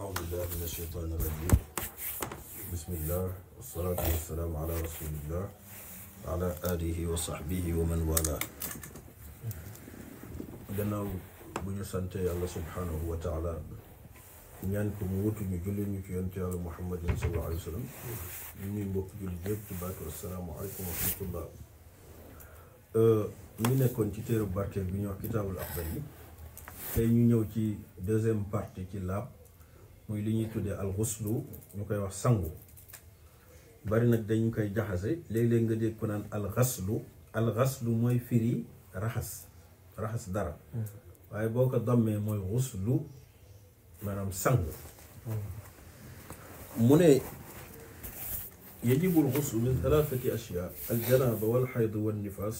أعوذ بالله من الشيطان الرجيم بسم الله والصلاة والسلام على رسول الله وعلى آله وصحبه ومن والاه gannaaw bu ñu sante yàlla subhaanahu wa taala ñaan ko mu wutu ñu julli ñu ci yonte yàlla muhammadin sallallahu alayhi wa sallam ñu ñuy mbokk julli yëpp ci baatu assalaamu aleykum wa rahmatullah ñu nekkoon ci téere barkeel bi ñuy wax kitaabul aqdar yi tey ñu ñëw ci deuxième partie ci laab muy li ñuy tuddee alxuslu ñu koy wax sangu bari nag dañ koy jaxase léeg nga dégg ko naan alxaslu alxaslu mooy firi raxas raxas dara mm-hmm. waaye boo ko dommee mooy xuslu maanaam sangu mm-hmm. mu ne yajibu alxuslu min talaatati ashyaa aljanaba walxayd walnifaas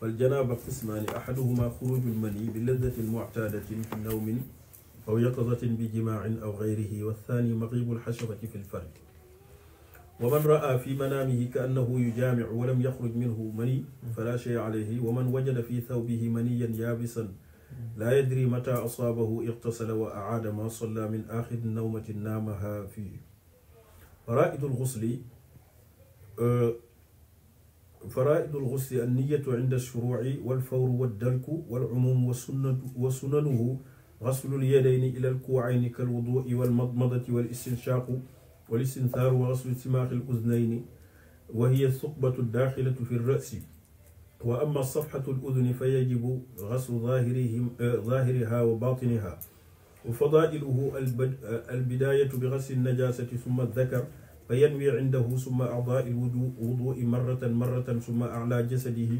فالجنابة قسمان أحدهما خروج المني بلذة معتادة في نوم aw yaqzatin bi jimaacin aw gayrihi wathani maghribu lxashrati fi lfarji wa man raa fi manaamihi ka annahu yujaamicu walam yaxruj minhu mani fala shay alayhi wa man wajada fi thawbihi maniyan yaabisan laa yadri mata asaabahu iqtasala wa acaada ma salla min aaxiri nawmati naamaha fii faraa'idul xusli فرائد الغسل النية عند الشروع والفور والدرك والعموم وسننه xaslul yadayni ilal kuwayni kal wudui wal madmadati wal istinshaqu wal istinthaaru wa xaslu simaaxil uznayni wa hiya suqbatu daaxilatu fi rasi wa amma safxatu luduni fa yajibu xaslu zaahirihim eh, zaahiriha wa baatiniha wa fadaa'iluhu albidaayatu bi xasli najaasati summa dakar fa yanwi indahu summa a'daa'i lwudui marratan marratan summa a'laa jasadihi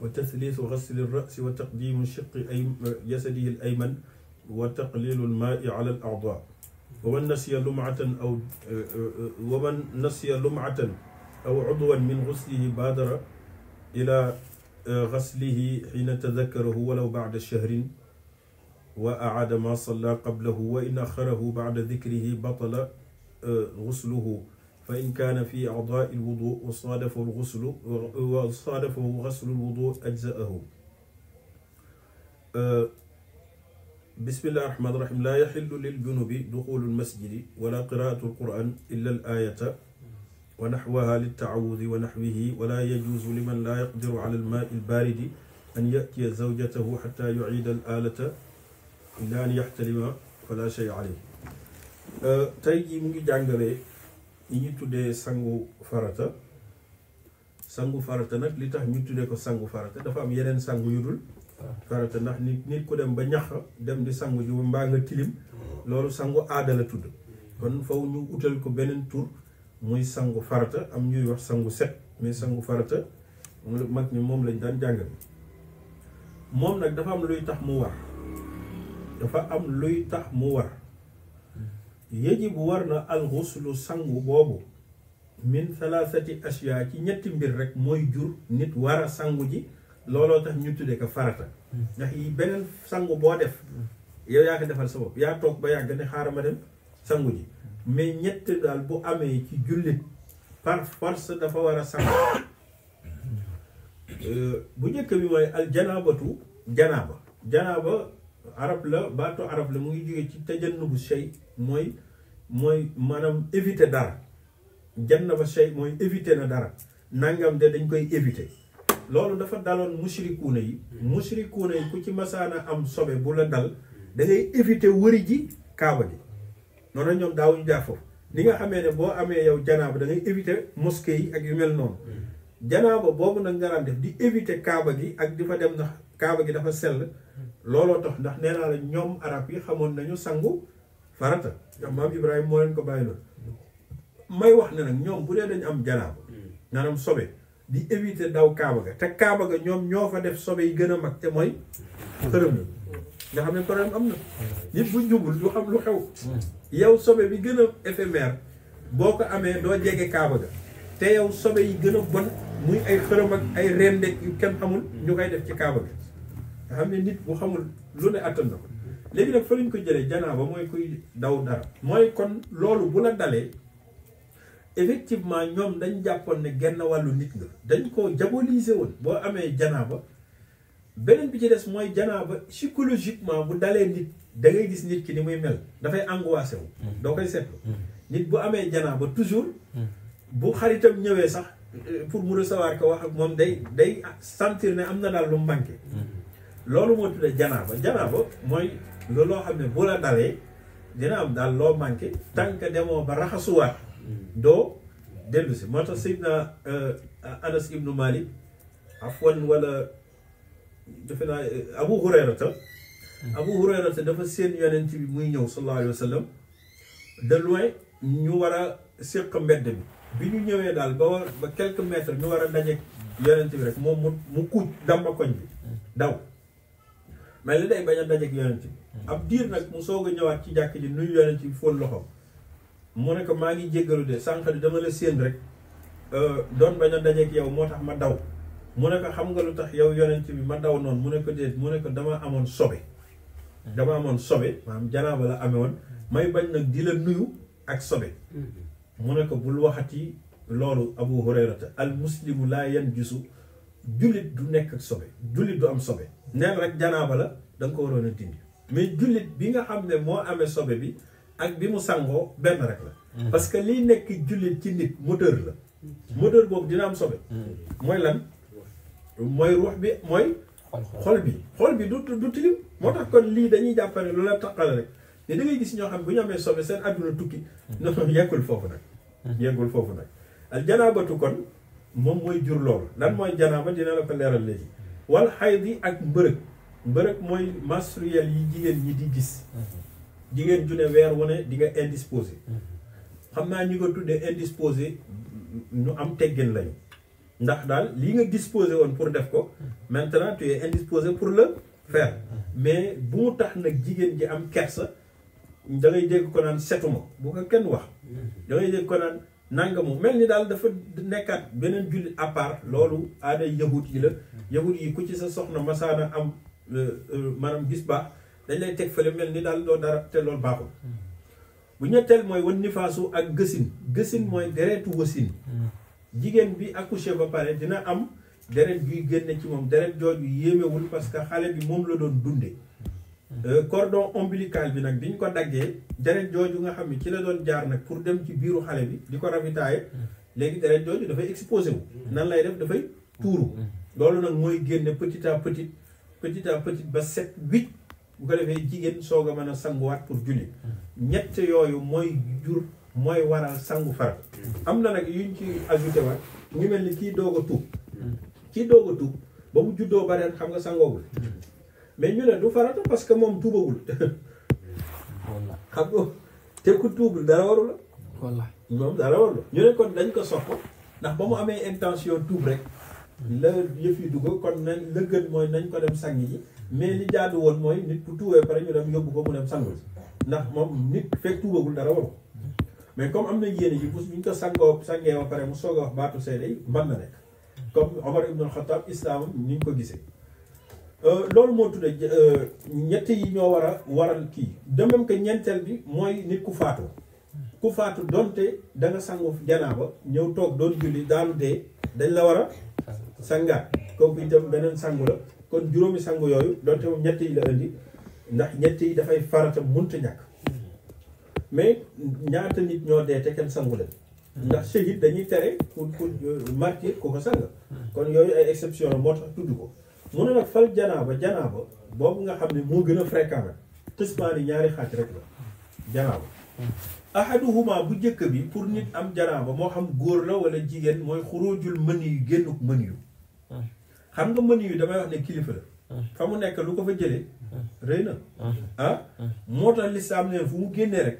wa tasliisu xasli rasi wa taqdiimu shiqqi eh, jasadihi al ayman wa taqlilu lmaai ala al aada waman nasiya lumatan aw waman nasiya lumatan aw udwan min guslihi baadara ila gaslihi xiina tadakarahu walaw bacda shahrin wa acaada maa salla qablahu wa in axarahu bacda dikrihi batala gusluhu fa in kaana fi acdaai lwudu wa saadafahu lguslu wa saadafahu gaslu lwudu ajzaahu bismillahi rahmaani rahiim laa yaxillu lil junubi duxulu lmasjidi wala qiraatu lquran illa al aayata wa naxwaha littaawudi wa naxwihi wala yajuusu liman laa yaqdiru ala almaai albaaridi an yatiya zawjatahu xata yuciida al aalata illa an yaxtalima fala shay alayhi euh, tey jii mu ngi jàngale li ñu tuddee sangu farata sangu farata nag li tax ñu tuddee ko sangu farata dafa am yeneen sangu yu dul farata ndax nit nit ku dem ba ñax dem di sangu ji mbaa nga tilim loolu sangu aadala la tudd kon faw ñu utal ko beneen tur muy sangu farata am ñuy wax sangu set mais sangu farata mag ni moom lañ daan jàngal moom nag dafa am luy tax mu war dafa am luy tax mu war yéji bu war na alxuslu sangu boobu min thalathati asiya ci ñetti mbir rek mooy jur nit war sangu ji looloo tax ñu tuddee ko farata hmm. ndax yi beneen sangu boo def yow yaa ko defal sa bopp yaa toog ba yàgg ne xaaral ma dem sangu ji mais ñett daal bu amee ci jullit par force dafa war a sangu hmm. euh, bu njëkk bi mooy al janaabatu janaaba janaaba arab la baatu arab la mu ngi jógee ci bu shay mooy mooy maanaam éviter dara jannaba shay mooy éviter na dara nangam de dañ koy éviter loolu dafa daloon mushrikuuna yi hmm. mushrikuuna yi ku ci masaana am sobe bu la dal da ngay éviter wëri ji kaaba bi noonu ñoom daawuñu jaar foofu ni nga amee ne boo amee yow janaaba da ngay éviter mosquée yi ak yu mel noonu hmm. janaaba boobu nag nga daan def di éviter kaaba gi ak di fa dem ndax kaaba gi dafa sell hmm. looloo tax ndax nee naa ñoom arab yi xamoon nañu sangu farata ndax maam Ibrahima moo leen ko bàyyi loolu may wax ne nag ñoom bu dee dañu am janaaba maanaam sobe di éviter daw kaaba ga te kaaba ga ñoom ñoo fa def sobe yi gën a mag te mooy xërëm yi nga xam ne problème am na nit bu jubul du xam lu xew yow sobe bi gën a éphémère boo ko amee doo jege kaaba ga te yow sobe yi gën a bon muy ay xërëm ak ay rendek yu kenn xamul ñu koy def ci kaaba ga nga xam ne nit bu xamul lu ne attan na ko léegi nag fa lañ ko jëlee ba mooy kuy daw dara mooy kon loolu bu la dalee effectivement ñoom dañ jàppoon ne genn wàllu nit nga dañ koo ko diaboliser woon boo amee janaaba beneen bi ci des mooy ba psychologiquement bu dalee nit da ngay gis nit ki ni muy mel dafay angoissé wu mm. doo koy seetlu mm. nit bu amee janaa ba toujours mm. bu xaritam ñëwee sax euh, pour mu recevoir ko wax ak moom day day sentir ne am na daal lu manqué loolu moo tuddee janaaba janaaba mooy loo xam ne bu la dalee dina am daal loo manqué tant que demoo ba raxasuwaat Mm. doo dellu si moo tax Seydina euh, Anas ibnu Malik afwan wala defe naa euh, Abu Hurayrata mm. Abu Hurayrata dafa seen yonent bi muy ñëw sallallahu alayhi wa sallam ñu war a séq mbedd bi bi ñu ñëwee daal ba war ba quelques mètres ñu war a daje yonent bi rek moom mu mu kuuj damba koñ bi mm. daw mais li day bañ a daje yonent bi ab diir nag mu soog ñëwaat ci jàkk ji nuyu yonent bi fóon loxoom mu ne ko maa ngi jéggalu de sànq di dama la séen rek euh, doon bañ a dajeek yow moo tax ma daw mu ne ko xam nga lu tax yow yonent bi ma daw noonu mu ne ko ne ko dama amoon sobe dama amoon sobe maanaam janaaba la may bañ nag di la nuyu ak sobe mu ne ko bul waxati loolu abu hurayrata al laa yan gisu jullit du nekk ak sobe jullit du am sobe neen rek janaaba la da ko waroon a dindi mais jullit bi nga xam ne moo amee sobe bi ak bi mu sangoo benn rek la. Mm-hmm. parce que liy nekk jullit ci nit moteur la. Mm-hmm. moteur boobu dina am sobe. Mm-hmm. mooy lan mooy ruux bi mooy. xol bi xol bi du du tilim moo tax kon lii dañuy jàppale lu la taqale rek te da gis ñoo xam bu ñu amee sobe seen àdduna tukki. non yekkul foofu nag. yeggul foofu nag al janaabatu kon moom mooy jur loolu lan mooy janaaba dina la ko leeral léegi. wal xayd yi ak mbërëg mbërëg mooy menstruel yi jigéen ñi di gis. di ngeen june weer wu ne di nga indisposé xam naa ñi nga tuddee indisposé ñu am teggin lañu ndax daal lii nga disposé woon pour def ko maintenant tu es indisposé pour la faire mais bu mu tax nag jigéen ji am kersa da ngay dégg ko naan setuma bu ko kenn wax da ngay dégg ko naan nangamu mel ni daal dafa nekkaat beneen jullit à part loolu aada yahut yi la yahut yi ku ci sa soxna masaana am euh, euh, maanaam gis baax dañ lay teg fële mel ni daal doo dara te loolu baaxul bu ñetteel mooy wan nifaasu ak gësin gësin mooy deretu wasin jigéen bi accouché ba pare dina am deret buy génne ci moom deret jooju yéemewul parce que xale bi moom la doon dunde euh, cordon ombilical bi nag bi ñu ko daggee deret jooju nga xam ne ci la doon jaar nag pour dem ci biiru xale bi di ko ravitaaye léegi deret jooju dafay exposé wu nan lay def dafay tuuru loolu nag mooy génne petit à petit petit ba set huit bu ko defee jigéen soog a mën a sanguwaat pour julli ñett yooyu mooy jur mooy waral sangu farat am na nag yuñ ci ajouté ñu mel ni kii doog a tuub kii doog a ba mu juddoo bareen xam nga sangoogul mais ñu ne du farata parce que moom tuubagul xam nga te ku tuubul warul waru la walla moom dara waru ñu ne kon dañ ko sopp ndax ba mu amee intention tuub rek la yëf yi dugg kon nañ la gën mooy nañ ko dem sangi yi mais li jaadu woon mooy nit ku tuubee pare ñu dem yóbbu ko mu dem sangu ndax moom nit fekk tuubagul dara waru mais comme am na yéene ji bés bu ñu ko sangoo sangee ba pare mu soog a wax baatu seede yi mën na nekk comme Omar ibn Khattab islam ni ñu ko gisee. Euh, loolu moo tudde euh, ñett yi ñoo war a waral kii de même que ñeenteel bi mooy nit ku faatu ku faatu donte da nga sangu janaaba ñëw toog doon julli daanu dee dañ la war a sangaat kooku itam beneen sangu la. kon juróomi sangu yooyu donte moom ñett yi la indi ndax ñett yi dafay farata munta ñàkk mais ñaata nit ñoo dee kenn sangu leen ndax shahid dañuy tere pour pour euh, marquer ku ko sang kon yooyu ay exception la moo tax tudd ko mu ne nag fal janaaba janaaba boobu nga xam ne moo gën a fréquent nag ñaari xaaj rek la janaaba ahaduhuma bu jëkk bi pour nit am janaaba moo xam góor la wala jigéen mooy xuróojul mën yu génnuk mën yu xam nga mën yu damay wax ne kilifa la ah. fa mu nekk lu ko fa jëlee ah. rëy na ah, ah. moo tax am ne fu mu génnee rek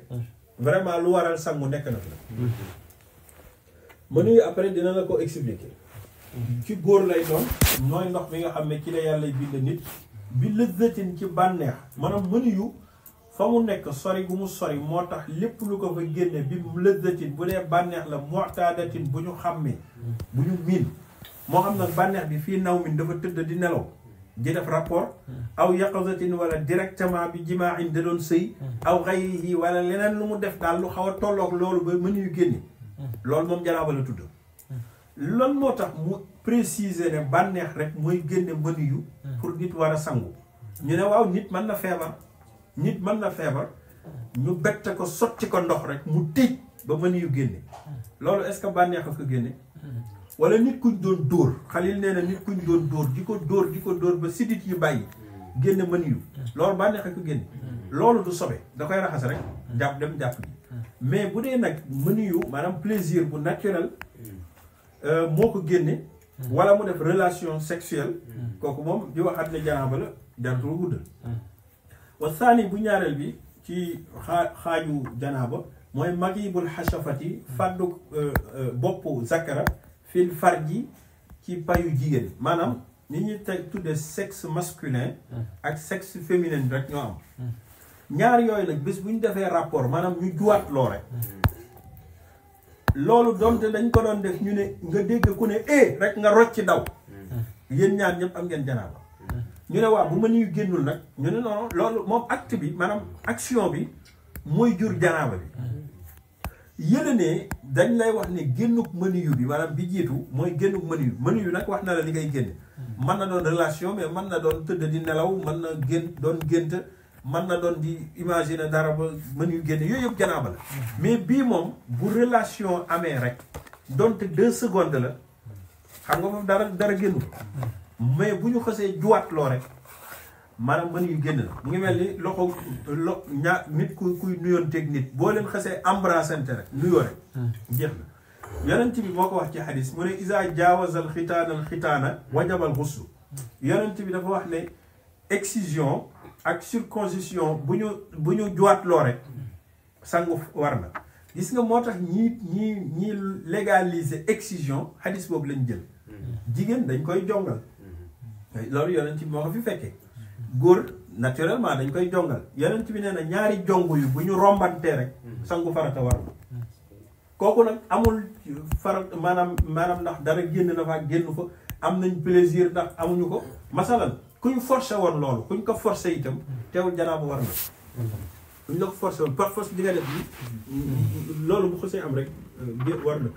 vraiment lu waral mu nekk na fa mën hmm. yu après dina la ko expliquer ci góor lay doon nooy ndox mi nga xam ne ci la yàlla bind nit bi lëzzatin ci bànneex maanaam mën yu fa mu nekk sori gu mu sori moo tax lépp lu ko fa génne bi lëzzatin bu dee bànneex la mu'tadatin bu ñu xàmmee bu ñu miin moo xam nag bànneex bi fii naw min dafa tëdd di nelaw di def rapport aw yaqazatin walla directement bi jimaa in da doon sëy aw xayrihi wala leneen lu mu def daal lu xaw a tolloog loolu ba mën yu génne loolu moom janaaba moo tax mu préciser ne bànneex rek mooy génne mën pour nit war a sangu ñu ne waaw nit mën na feebar nit mën na feebar ñu bette ko sotti ndox rek mu tëj ba mën yu génne a ko génne wala nit kuñ doon dóor xalil nee na nit dóor di ko dóor di ko dóor ba sidit yi bàyyi hmm. génn mën yu hmm. loolu bànneex ko génn hmm. loolu du sobe da koy raxas rek jàpp dem jàpp mais bu dee nag mën maanaam plaisir bu naturel euh, moo ko génne wala mu def relation sexuelle kooku moom di wax àddina janaaba la jartul guddal wa saani bu ñaareel bi ci xaa xaaju janaaba mooy magibul xasafati fàddu euh, euh, bopp zakara fil farji ci yu jigéen maanaam mm. ni ñuy teg tudde sexe masculin mm. ak sexe bi rek ñoo am mm. ñaar yooyu nag bés bu ñu defee rapport maanaam ñu juwaat loo rek loolu doonte dañ ko doon def ñu ne nga dégg ku ne eh, rek nga rocc daw yéen ñaar ñëpp am ngeen janaaba ñu ne waaw bu ma nuyu génnul nag ñu ne non loolu moom acte bi maanaam action bi mooy jur janaaba bi yële ne dañ lay wax ne génnug menu bi maanaam bi jiitu mooy génnug menu bi menu bi nag wax na la li ngay génn hmm. mën na doon relation mais man na doon tëdd di nelaw mën na génn doon gént mën na doon di imaginer dara ba menu génn yooyu yëpp janaaba la hmm. mais bii moom bu relation amee rek donte de secondes la xam nga foofu dara dara génnu hmm. mais bu ñu xasee juwaat loo rek maanaam mën yu génn la mu ngi mel ni loxo lo ñaa nit ku kuy nuyoon nit boo leen xasee embrassante rek nuyoo rek hmm. jeex na yonent bi moo ko wax ci xadis mu ne isa jaawazal xitaanal xitaana wajabal xuslu yonent bi dafa wax ne excision ak circoncision bu ñu bu ñu juwaatloo rek sangu war na gis nga moo tax ñii ñi ñi légaliser excision xadis boobu lañ jël hmm. jigéen dañ koy jongal hmm. loolu yonent bi moo ko fi fekkee góor naturellement dañ koy jongal yeneen bi nee na ñaari jong yu bu ñu rombantee rek sangu farata war na kooku nag amul farata maanaam maanaam ndax dara génn na fa génn ko am nañ plaisir ndax amuñu ko masalan kuñ forcé woon loolu kuñ ko forcé itam teewul janaaba war na kuñ la ko forcé woon par force di nga def bi loolu bu xësee am rek euh, war na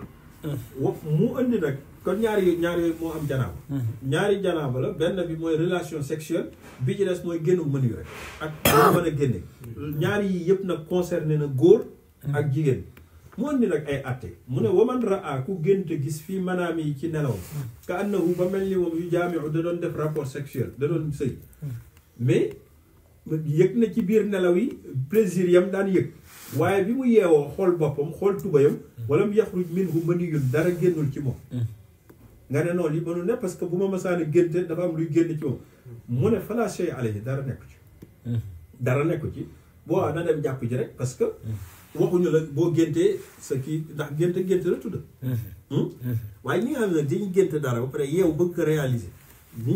wa mu indi nag kon ñaari yooyu ñaari moo am janaaba hmm. ñaari janaaba la benn bi mooy relation sexuelle bi ci des mooy génn mën yu rek ak mën a génne ñaari yi yëpp nag concerné na góor hmm. ak jigéen mu indi nag ay atte mu ne waman raa ku gént gis fii manaam yi ci nelaw hmm. ka annahu ba mel ni moom yu jaamiu da doon def rapport sexuel da doon sëy mais yëg na ci biir nelaw yi plaisir yam daan yëg waaye bi mu yeewoo xool boppam xool tubayam wala mu yaxruj minhu maniyun dara génnul ci moom mm. nga ne noonu yi mënul ne parce que bu ma masaan a génte dafa am luy génn ci moom mu ne fala shay alayhi dara nekku ci mm. dara nekku ci boo mm. na dem jàpp ji rek parce que waxuñu la boo géntee sa kii ndax génte génte la tudd waaye ñi nga xam ne dañuy génte dara ba pare yeew bëgg ko réaliser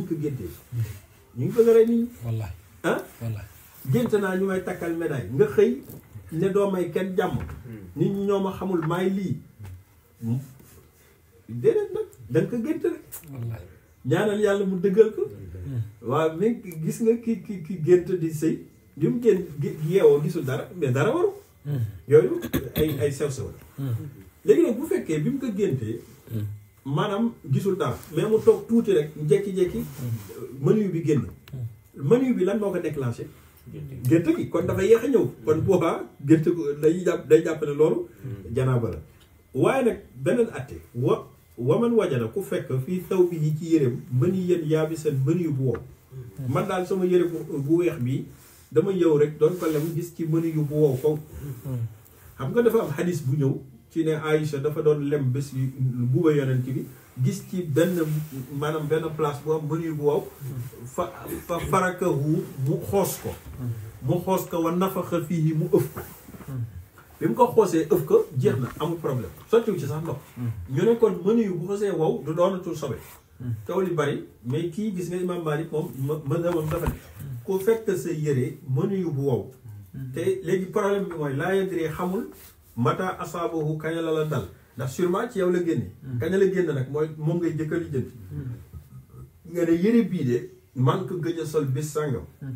ko géntee ñu ngi bëgg a rey nit ñi ah? génte naa ñu may takkal médaille nga xëy ne doom ay kenn jàmm hmm. nit ñoo ma xamul maay lii hmm. déedéet nag da nga ko gént rek ñaanal yàlla mu dëggal ko hmm. waaw mais gis nga ki ki ki gént di sëy bi mu génn yeewoo gisul dara mais dara waru yooyu ay sew sew la léegi nag bu fekkee bi mu ko géntee maanaam gisul dara mais mu toog tuuti rek njekki-jekki menu bi génn menu bi lan moo ko déclenché gént gi kon dafa yéex a ñëw kon boobaa gént ko dañuy jàpp day jàpp ne loolu janaaba la waaye nag beneen atte wa waman wajana ku fekk fii taw bi yi ci yéreem mën yi yéen yaabi seen mën yu bu wow man daal sama yére bu weex bii dama yow rek doon ko lem gis ci mën yu bu wow faw xam nga dafa am xadis bu ñëw ci ne Aïcha dafa doon lem bés yi buuba yonent bi gis ci benn maanaam benn place bu am bu wow fa fa farakahu mu xoos ko mu xoos ko wa nafaxa fii mu ëf ko bi mu ko xoosee ëf ko jeex na amul problème sottiwu ci sax ndox ñu ne kon mënuy bu xosee wow du doonatul sobe kaw li bari mais kii gis nga imam Malik moom mësamam dafa ne koo fekk sa yére mënuy bu wow te léegi problème bi mooy laa yadree xamul mata asaabahu kañ la la dal ndax sûrement ci yow la génne. Hmm. kañ la génne nag mooy moom ngay jëkk a lijjanti. Hmm. nga ne yëre bii de man ko gëj a sol bis sàngam. Hmm.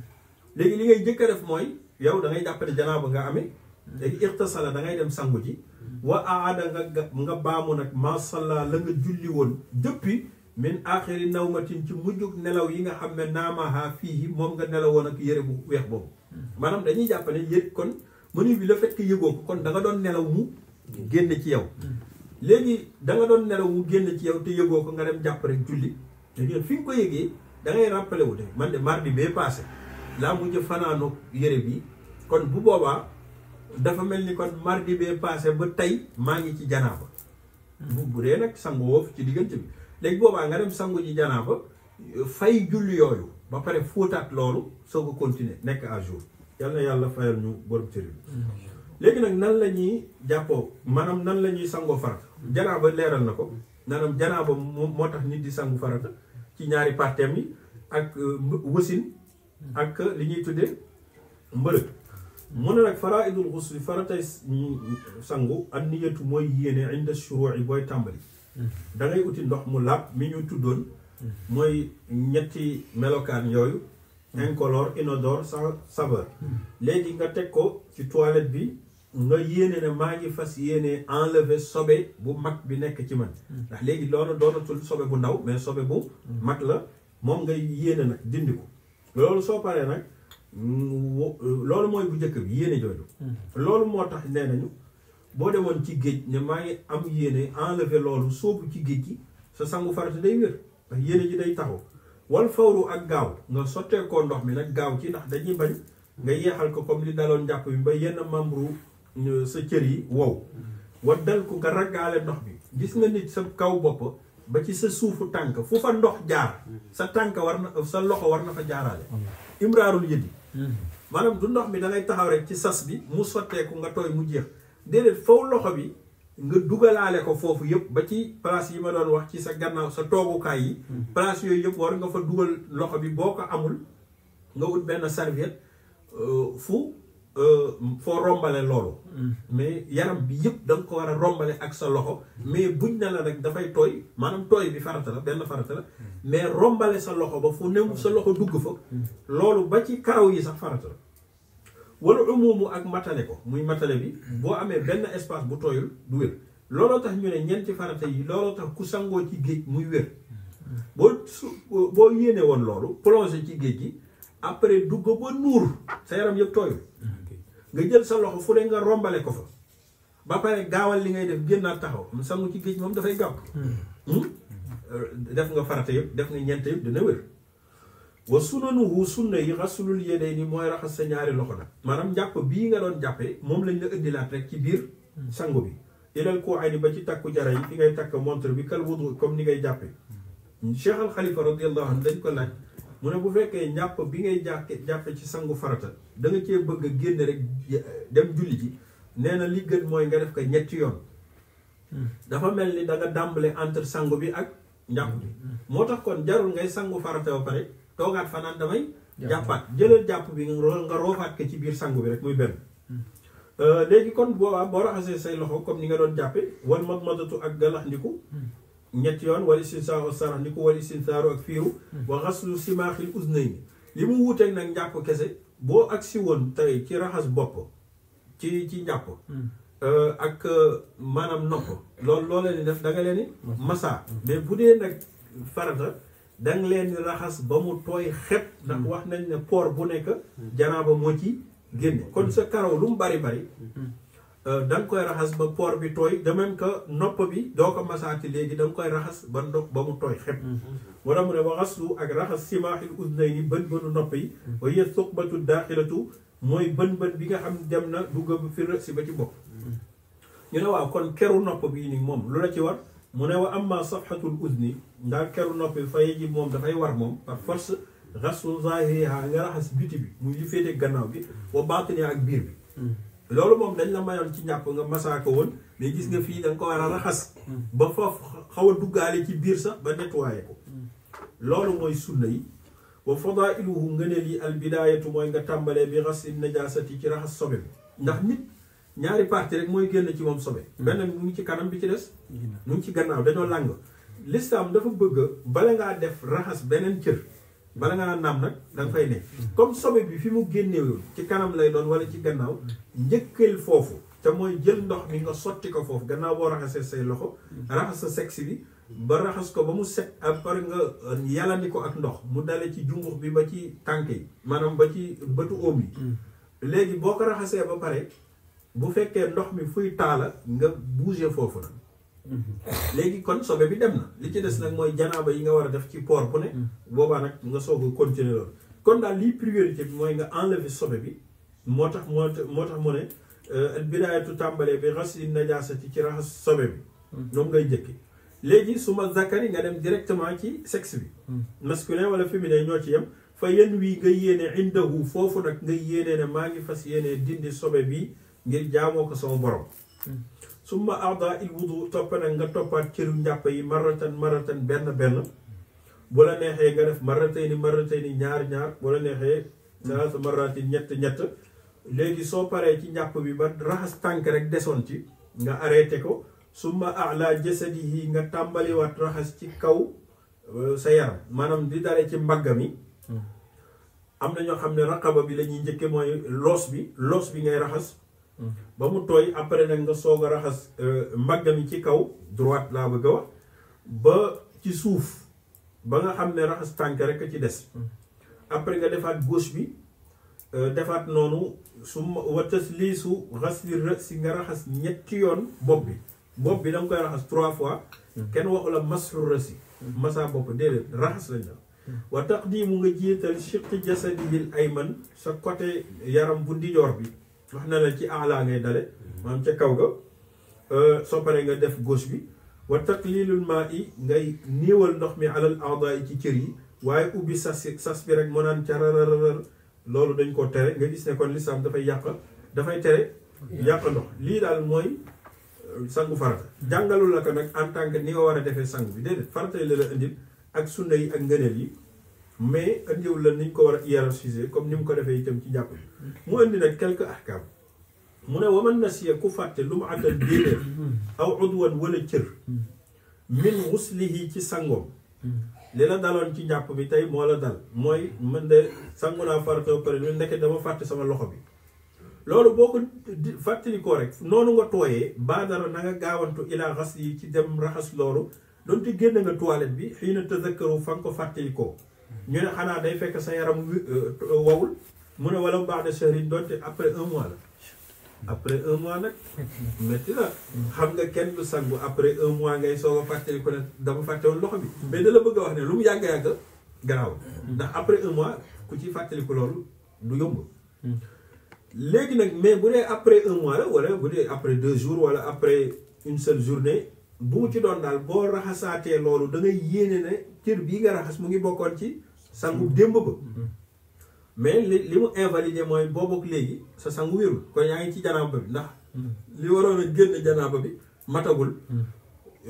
léegi li ngay jëkk a def mooy yow da ngay jàppale janaaba nga amee. léegi ixtasala da ngay dem sangu ji. wa aada nga nga baamu nag masalla la nga julli woon depuis min axiri nawmatin ci mujjug nelaw yi nga xam ne naamaha fii moom nga nelawoon ak yëre bu weex boobu. maanaam dañuy jàppale ne yëg kon mënu bi le fait que yëgoo ko kon da doon nelaw mu génn ci yow. léegi da doon nelaw mu génn ci yow te yëgoo ko nga dem jàpp rek julli fi nga ko yëgee da ngay wu de man de mardi bee passé laa mujj fanaanoog yére bi kon bu boobaa dafa mel ni kon mardi bee passé ba tey maa ngi ci janaaba bu dee nag sangu ci diggante bi léegi boobaa nga dem sangu ci janaaba fay julli yooyu ba pare fóotaat loolu soog a continuer nekk à jour yal na yàlla fayal ñu borom cër léegi nag nan la ñuy jàppoo maanaam nan la ñuy sangoo farat janaaba leeral na ko maanaam janaaba moom moo tax nit di sangu farata ci ñaari partem yi ak euh, wësin ak li ñuy tuddee mbërëg mu ne nag faraidul xusli faratay sangu an niyatu mooy yéene inda shuruuci booy tàmbali mm-hmm. da ngay uti ndox mu làpp mi ñu tuddoon mm-hmm. mooy ñetti melokaan yooyu mm-hmm. incolore inodore sans saveur léegi nga teg ko ci toilette bi nga yéene ne maa ngi fas yéene enlever sobe bu mag bi nekk ci man mm. ndax léegi loolu doonatul sobe bu ndaw mais sobe bu mm. mag la moom nga yéene nag dindi ko loolu soo paree nag mm, loolu mooy bu njëkk bi yéene jooju loolu moo tax nee nañu boo demoon ci géej ne maa ngi am yéene enlever loolu soobu ci géej gi sa sangu farata day wér ndax yéene ji day taxaw wal fawru ak gaaw nga sotteekoo ndox mi nag gaaw ci ndax dañuy bañ nga yeexal ko comme li daloon njàpp bi ba yenn membre sa cër yi wow waddal ko nga raggaale ndox bi gis nga nit sa kaw bopp ba ci sa suufu tànk fu fa ndox jaar sa tànk war na sa loxo war na fa jaaraale imraarul yëddi maanaam du ndox mi da taxaw rek ci sas bi mu sotteeku nga tooy mu jeex déedéet faw loxo bi nga dugalaale ko foofu yëpp ba ci place yi ma doon wax ci sa gannaaw sa toogukaay yi place yooyu yëpp war nga fa dugal loxo bi boo ko amul nga wut benn serviette euh, fu Euh, foo rombale loolu mm. mais yaram bi yëpp da nga rombale ak sa loxo mais buñ ne rek dafay tooy maanaam tooy bi farata la benn farata la mm. mais rombale sa loxo ba fu new sa loxo dugg fa mm. loolu ba ci karaw yi sax farata la wala umumu ak matale ko muy matale bi boo amee benn espace bu tooyul du wér looloo tax ñu ne ñeenti farata yi looloo tax ku sangoo ci géej muy wér boo su boo yéene woon loolu plongé ci géej gi après dugg ba nuur sa yaram yëpp tooyul nga jël sa loxo fu ne nga rombale ko fa ba pare gaawal li ngay def génnaat taxaw am sangu ci géej moom dafay gàpp hmm. Hmm? Euh, def nga farata yëpp def nga ñeent yëpp dina wér wa sunanuhu sunna yi rasulul yedee ni mooy raxas sa ñaari loxo nag maanaam jàpp bii nga doon jàppee moom lañ la ëddilaat rek ci biir hmm. sangu bi ilal koo ay ni ba ci takku jara yi fi ngay takk montre bi kal comme ni ngay jàppee cheikh al xalifa radiallahu anhu dañ ko laaj mu ne bu fekkee njàpp bi ngay jàkke jàppe ci sangu farata danga nga cee bëgg a génn rek dem julli ji nee na li gën mooy nga def ko ñetti yoon hmm. dafa mel ni da dàmbale entre sangu bi ak njàpp bi hmm. Hmm. moo tax kon jarul ngay sangu farata ba pare toogaat fanaan damay jàppaat jëlal jàpp bi nga roofaat ko ci biir sangu bi rek muy benn euh, léegi kon boobaa boo raxasee say loxo comme ni nga doon jàppe wal mag madatu ak galax ndiku ñetti yoon wala istinsaar sarax ni ko wala istinsaaru ak fiiru hmm. wa xaslu simaaxil uznayni li mu wuuteeg nag njàpp kese boo agsi woon tey ci raxas bopp ci ci njàpp hmm. euh, ak euh, maanaam ko loolu loo leen di def da nga leen di massa mais bu dee nag farata danga leen raxas ba mu tooy xet ndax hmm. wax nañ ne poor bu nekk janaa janaaba moo ci génne kon sa karaw lu mu bari bari Euh, da nga koy raxas ba poor bi tooy de ko que nopp bi doo ko masaati léegi da koy raxas ba nopp ba mu tooy xepp mm-hmm. moo tax mu ne waxaslu ak raxas simaaxil usnay ni bën bënu nopp yi mm-hmm. wa hiya suqbatu mooy bën bën bi nga xam dem na dugga fi si ba ci bopp mm-hmm. ñu waaw kon keru nopp bi ni moom lu la ci war mu ne wa amma safxatul usni ndaa keru nopp bi faye ji moom dafay war moom par force rasu zahiriha nga raxas biti bi muy li féete gannaaw bi wa baatini ak biir bi loolu moom dañ la mayoon ci ñàpp nga masaaka woon mais gis nga fii da ko war a raxas ba foofu xaw a duggaale ci biir sax ba nettoyé ko loolu mooy sunna yi wa fadailuhu nga yi al bidaayatu mooy nga tàmbalee bi xasli najaasati ci raxas sobe bi ndax nit ñaari parti rek mooy génn ci moom sobe benn mu ngi ci kanam bi ci des mu ngi ci gannaaw dañoo làng lislaam dafa bëgg bala ngaa def raxas beneen cër bala ngaa naam nag danga fay ne comme sobe bi fi mu génnewul ci kanam lay doon wala ci gannaaw njëkkal foofu te mooy jël ndox mi nga sotti ko foofu gannaaw boo raxasee say loxo raxas sa sexe bi ba raxas ko ba mu set après nga euh, yalandi ko ak ndox mu dale ci jumbux bi ba ci tànk yi maanaam ba ci bëtu oom yi mm. léegi boo ko raxasee ba pare bu fekkee ndox mi fuy taala nga bouger foofu nag Mhm. léegi kon sobe bi dem na li ci des nag mooy janaaba yi nga war a def ci poor bu ne mhm. boobaa nag nga soog a continuer loolu kon daal lii priorité bi mooy nga enlever sobe bi moo tax moo moo tax mu ne euh, bidaayatu tàmbalee bi xasli najaasati ci raxas sobe bi moom mhm. ngay jëkki léegi su ma zakari nga dem directement ci sexe bi masculin wala féminin ñoo ci yem fa yen wii nga yéene indahu foofu nag nga yéene ne maa ngi fas yéene dindi sobe bi ngir jaamoo ko sama borom summa aada il wudu topp nag nga toppaat cëru njàpp yi maratan maratan benn benn bu la neexee nga def maratayni maratayni ñaar ñaar bu la neexee ñett ñett léegi soo paree ci njàpp bi ba raxas tànk rek desoon ci nga arrêté ko sumba summa ala yi nga tàmbaliwaat raxas ci kaw euh, sa yaram maanaam di dalee ci mbagg mi hmm. am na ñoo xam ne raqaba bi la ñuy njëkke mooy loos bi loos bi ngay raxas ba mu tooy après nag nga soog a raxas euh, mbagg mi ci kaw droit laa bëgg wax ba ci suuf ba nga xam ne raxas tànk rek a ci des après nga defaat gos bi euh, defaat noonu su wa tasliisu xasli rësi nga raxas ñetti yoon bopp bi bopp bi da nga koy raxas trois fois kenn waxu la masxu rësi masa bopp déedéet raxas lañ la wa taqdiimu nga jiital shiqi ay man sa côté yaram bu ndijoor bi wax na la ci ala ngay dale maanaam ca kaw ga euh, soo paree nga def gauche bi wa taqlilul maa i ngay néewal ndox mi alal aada yi ci cër yi waaye ubbi sas sas bi rek moo naan carararar loolu dañ ko tere nga gis ne kon lislaam dafay yàq dafay tere yàq ndox lii daal mooy sangu farata jàngalu la ko nag en tant que ni nga war a defee sangu bi déedéet farata yi la la indil ak sunna yi ak ngëneel yi mais indiwul la niñ ko war a hiérarchiser comme ni mu ko defee itam ci jàpp mu indi nag quelques ahkam mu ne waman nasiya ku fàtte lu mu àttal biiree aw udwan wala cër hmm. min wuslihi ci sangoom hmm. li la daloon ci jàpp bi tey moo la dal mooy man de sangu naa farata ba pare ñu ndeke dama fàtte sama loxo bi loolu boo ko fàttalikoo rek noonu nga tooyee baadara na nga gaawantu ilaa xas yi ci dem raxas loolu doonte génn nga toilette bi xëy na tazakkaru fa nga ko fàttalikoo ñu ne xanaa day fekk sa yaram euh, euh, wowul mu ne wala mu baax de chahri donte après un mois la après un mois nag métti xam nga kenn du sangu après un mois ngay soo a fàttali ko ne dama fàtte woon loxo bi mais da bëgg wax ne lu mu garaaw ndax après un mois ku ci fàttaliku loolu du yomb léegi nag mais bu dee après un mois la wala bu dee après deux jours wala après une seule journée bu mu ci doon daal boo raxasaatee loolu da ngay yéene ne cër bii nga raxas mu ngi bokkoon ci sangu démb ba mais li li mu invalidé mooy boo léegi sa sangu wérul kon yaa ngi ci janaaba bi ndax li waroon a génn janaaba bi matagul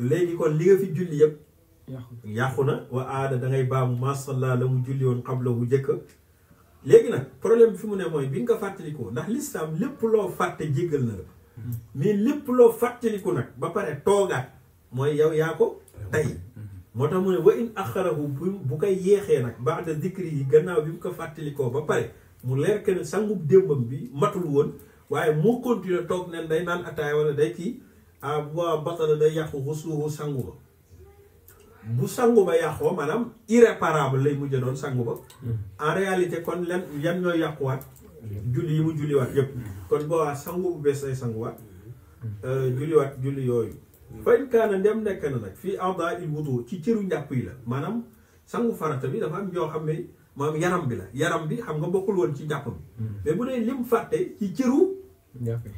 léegi kon li nga fi julli yëpp yàqu na wa aada da ngay baamu masalla la mu julli woon xabla bu jëkk léegi nag problème bi fi mu ne mooy bi nga ko fàttalikoo ndax listam lépp loo fàtte jéggal na la hmm. mais lépp loo fàttaliku nag ba pare toogaat mooy yow yaa ko tey mm-hmm. moo tax mu ne wa in axarahu bu koy yeexee nag ba'da dikri yi gannaaw bi mu ko fàttalikoo ba pare mu leer que sangu sangub démbam bi matul woon waaye moo continuer toog nen day naan ataaya wala day kii a ah, ba day yàqu xusuuhu sangu ba bu sangu ba yàqoo maanaam irréparable lay mujj doon sangu ba mm-hmm. en réalité kon len yan ñooy yàquwaat mm-hmm. julli yi mu julliwaat yëpp kon boobaa sangu bu bees lay sanguwaat euh, julliwaat julli yooyu fayn kaana ndem nekk na nag fii ada il wudu ci cëru njàpp yi la maanaam sangu farata bi dafa am ñoo xam ne maam yaram bi yaram bi xam nga bokkul woon ci njàpp bi hmm. mais dee lim fàtte ci cëru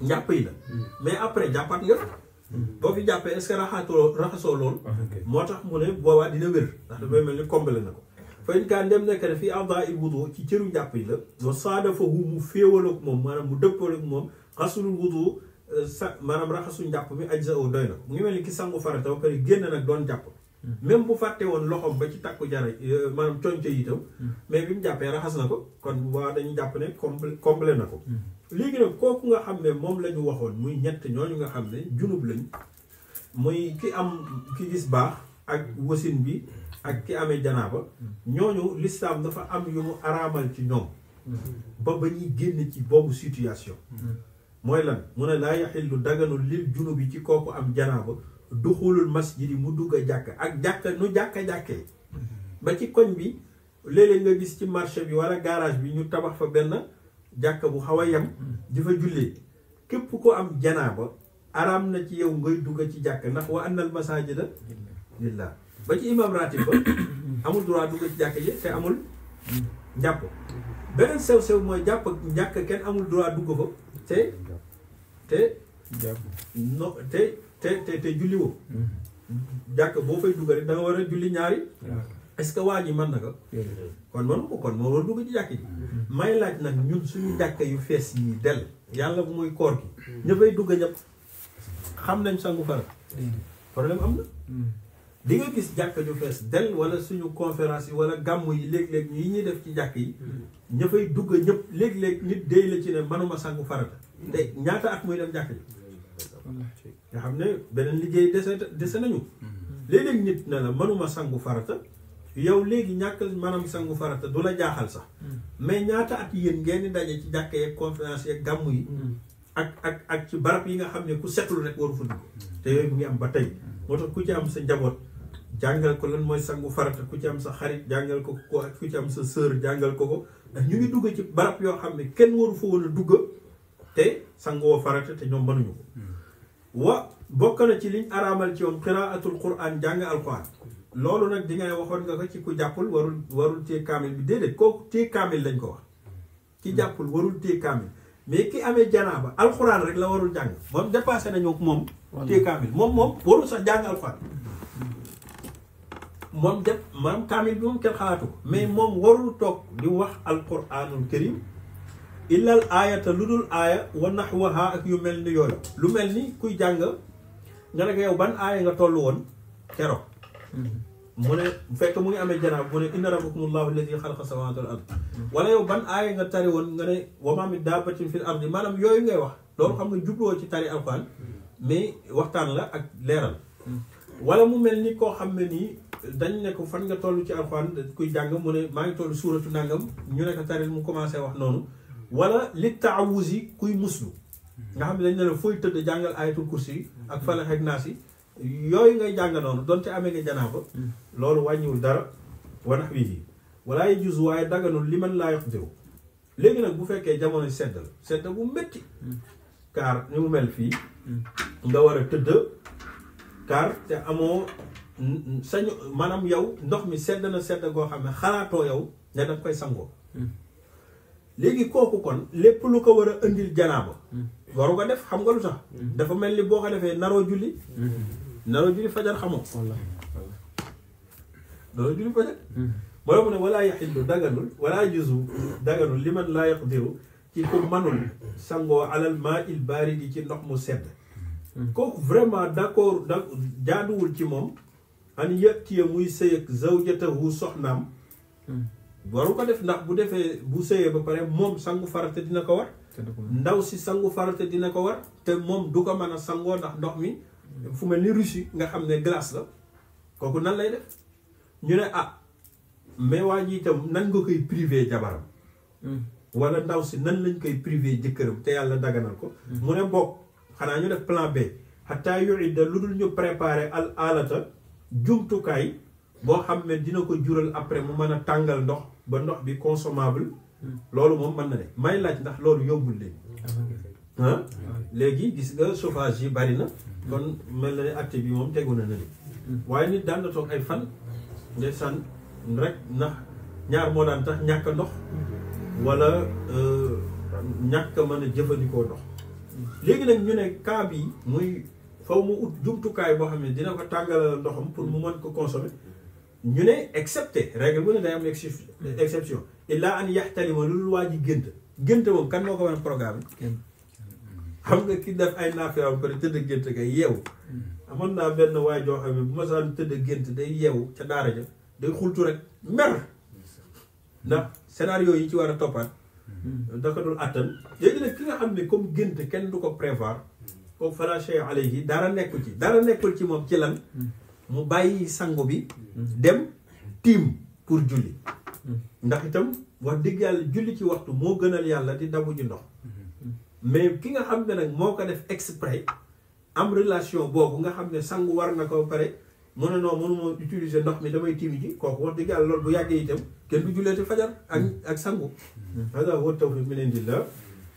njàpp yi hmm. mais après jàppaat nga hmm. boo fi jàppee est-ce que raxatoo raxasoo lool ah, moo tax mu ne boobaa dina wér ndax dafay mel ni combale na ko fayn kaan ndem nekk na fii ada il ci cëru njàpp yi la wa saadafahu mu féewal ak moom maanaam mu dëppal ak moom xasulul wudu sa maanaam raxasu njàpp bi ajsa o doy na mu ngi mel ni ki sangu farata ba pare génn nag doon jàpp mhm. même bu fàttee woon loxoom ba ci takku jara euh, maanaam conco yi itam mhm. mais bi mu jàppee raxas na ko kon waa baax dañu jàpp ne complet na ko mhm. lii nag kooku nga xam ne moom la ñu waxoon muy ñett ñooñu nga xam ne junub lañ muy ki am ki gis baax ak wasin bi ak ki amee janaaba ñooñu lislaam dafa am yu mu araamal ci ñoom ba ba ñuy génn ci boobu situation mooy lan mu ne laa yaxillu daganul lil junubi ci kooku am janaaba duxulul masjid yi mu dugg a jàkk ak jàkka nu jàkk jàkkee ba ci koñ bi léeg-léeg nga gis ci marché bi wala garage bi ñu tabax fa benn jàkka bu xaw a yem di fa jullee képp ko am janaaba araam na ci yow ngay dugg ci jàkk ndax wa annal masajida lillah ba ci imam ratib ba amul droit dugg ci jàkk ji te amul njàpp beneen sew-sew mooy jàpp jàkk kenn amul droit dugg fa te te no te te julli woo mm-hmm. jàkk boo fay dugg rek da nga war a julli ñaari est-ce que waa ji man na ko kon mënu kon moo war a dugg ci jàkk ji mm-hmm. may laaj nag ñun suñu jàkk yu fees yi del yàlla bu muy koor gi mm-hmm. ña dugg ñëpp xam nañ sangu fara problème am nga gis jàkk ju fees del wala suñu conférence yi wala gàmm yi léeg-léeg yi ñuy def ci jàkk yi ña fay dugg ñëpp léeg-léeg nit déy la ci ne manuma sangu farata te ñaata at muy dem jàkk ji nga xam ne beneen liggéey dese dese nañu léeg-léeg nit na la mënuma sangu farata yow léegi ñàkk maanaam sangu farata du la jaaxal sax mais ñaata at yéen ngeen di daje ci jàkk yeeg conférence yeeg gàmm yi ak ak ak ci barab yi nga xam ne ku setlu rek waru fa dugg te yooyu mu ngi am ba tey moo tax ku ci am sa njaboot jàngal ko lan mooy sangu farata ku ci am sa xarit jàngal ko ko ak ku ci am sa sœur jàngal ko ko ndax ñu ngi dugg ci barab yoo xam ne kenn waru fa a dugg te sangoo farata te ñoom mënuñu ko hmm. wa bokk na ci liñ araamal ci yoon qiraatul quraan jàng alquran loolu nag di ngay waxoon nga ko ci ku jàppul warul warul téye kaamil bi déedéet kooku téye kaamil lañ ko wax ci hmm. jàppul warul téye kaamil mais ki amee janaaba alquran rek la warul jàng moom dépassé nañu moom téye kaamil moom moom warul sax jàng alquran moom def maanaam kaamil bi moom kenn xalaatu ko mais moom warul toog di wax alquranul karim illal aayata lu dul aaya wa naxwaha ak yu mel ni yooyu lu mel ni kuy jàng nga ne ko yow ban aaya nga toll woon keroog mhm. mu ne bu fekkee mu ngi amee janaab mu ne inna rabbakumullahu alladi xalaqa samawati wal ard wala yow ban aaya nga tari woon nga ne wa ma min daabatin fil ardi maanaam yooyu ngay wax loolu xam nga jubloo ci tari alquran mais waxtaan la ak leeral mhm. wala mu mel ni koo xam ne nii dañ ne fan nga toll ci alquran kuy jàng mu ne maa ngi toll suuratu nàngam ñu ne ko mu commencé wax noonu wala li taawus yi kuy muslu nga xam ne dañ ne la fooy tëdd jàngal ayatul kursi yi ak falax ak naas yi yooyu ngay jàng doon ci amee nga janaaba loolu wàññiwul dara wa nahwihi wala yajuz waaye daganul li man laa yoxdiru léegi nag bu fekkee jamono sedd la sedd bu métti car ni mu mel fii nga war a tëdd car te amoo sañu maanaam yow ndox mi sedd na sedd goo xam ne xalaatoo yow ne daf koy sangoo léegi kooku kon lépp lu ko war a indil janaaba hmm. waru def xam nga lu tax hmm. dafa mel ni boo ko defee naroo julli hmm. naroo julli fajar xamoo naroo julli fajar bolo mu ne walaa yaxillu daganul walaa juzu daganul li man laa yaqdiru ci ku manul sangoo alal maa il baaridi ci ndox mu sedd kooku vraiment d'accord da jaaduwul ci moom an yëg tiye muy sëy ak zawjatahu soxnaam waru ko def ndax bu defee bu sëyee ba pare moom sangu farata dina ko war ndaw si sangu farata dina ko war te moom du ko mën a sangoo ndax ndox mi fu mel ni Russie nga xam ne glace la kooku nan lay def ñu ne ah mais waa ji itam nan nga koy privé jabaram hmm. wala ndaw si nan lañ koy privé jëkkëram te yàlla daganal ko hmm. mu ne bokk xanaa ñu def plan B xataa yuidda lu dul ñu préparé al alata jumtukaay boo xam ne dina ko jural après mu mën a tàngal ndox ba ndox bi consomable loolu moom man na ne may laaj ndax loolu yóbbul léegi gis nga chauffage yi bari na kon mel na ne acte bi moom tegu na na ni waaye nit daan ay fan san rek ndax ñaar moo daan tax ñàkk ndox wala euh, ñàkk mën a jëfandikoo ndox léegi nag ñu ne cas bi muy faw mu ut jumtukaay boo xam ne dina ko tàngalal ndoxam pour mu mën ko consommer ñu ne excepté règle mu ne day am exception illa an yaxtalima lu dul waa ji gént gént moom kan moo ko mën a programme xam nga ki def ay naaf yoo xam ne tëdd gént kay yeewu hmm. amoon naa benn waay joo xam ne bu ma saan tëdd gént day yeewu ca daara ja day xultu rek mer ndax scénario yi ci war a toppaat hmm. da ko dul àttan léegi nag ki nga xam ne comme gént kenn du ko prévoir comme fala shay alayhi dara nekkul ci dara nekkul ci moom ci lan hmm. mu bàyyi sangu bi dem tiim pour julli ndax itam wax dëgg yàlla julli ci waxtu moo gënal yàlla di dabu ji ndox mais ki nga xam ne nag moo ko def exprès am relation boobu nga xam ne sangu war na koo pare mu ne non mënu moo utiliser ndox mi damay tiim ji kooku wax dëgg loolu bu yàggee itam kenn du julleeti fajar ak ak sangu hada wa tawfiq mi leen di la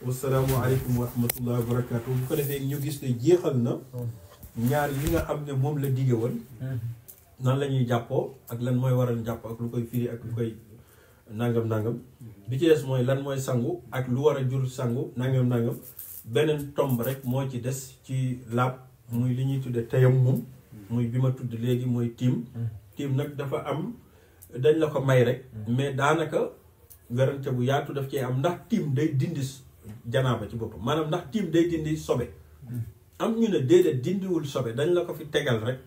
wasalaamualeykum wa rahmatullah wa barakatu bu ko defee ñu gis ne jeexal na ñaar yi nga xam ne moom la dige woon mm-hmm. nan la ñuy jàppoo ak lan mooy waral jàpp ak lu koy firi ak lu koy nangam nangam mm-hmm. bi ci des mooy lan mooy sangu ak lu war a jur sangu nangam nangam beneen tomb rek moo ci des ci laab muy li ñuy tudde moom mm-hmm. muy bi ma tudd léegi mooy tiim tiim nag dafa am dañ la ko may rek mais daanaka werante bu yaatu daf cee am ndax tiim day dindi janaaba ci boppam maanaam ndax tiim day dindi sobe am ñu ne déedéet dindiwul sobe dañ la ko fi tegal rek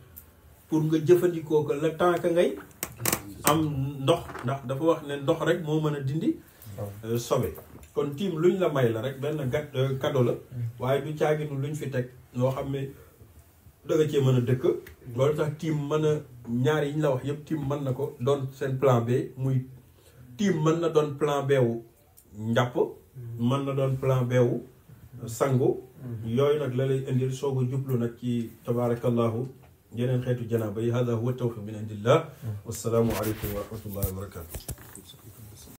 pour nga jëfandikoo ko le temps que ngay am ndox ndax dafa wax ne ndox rek moo mën a dindi euh, sobe kon tiim luñ la may la rek benn gat euh, cadeau la mm. waaye du caaginu ñu fi teg loo xam ne da nga cee mën a dëkk loolu tax tiim mën a ñaar yi ñu la wax yëpp tiim mën na ko doon seen plan B muy tiim mën na doon plan B wu njàpp mm. mën na doon plan B wu sangu Mm-hmm. yooyu nag la lay indil soog a jublu nag ci tabaarakallahu yeneen xeetu janaaba yi hada huwa tawfiq min indillah mm-hmm. wassalaamu aleykum wa rahmatullahi wa barakatu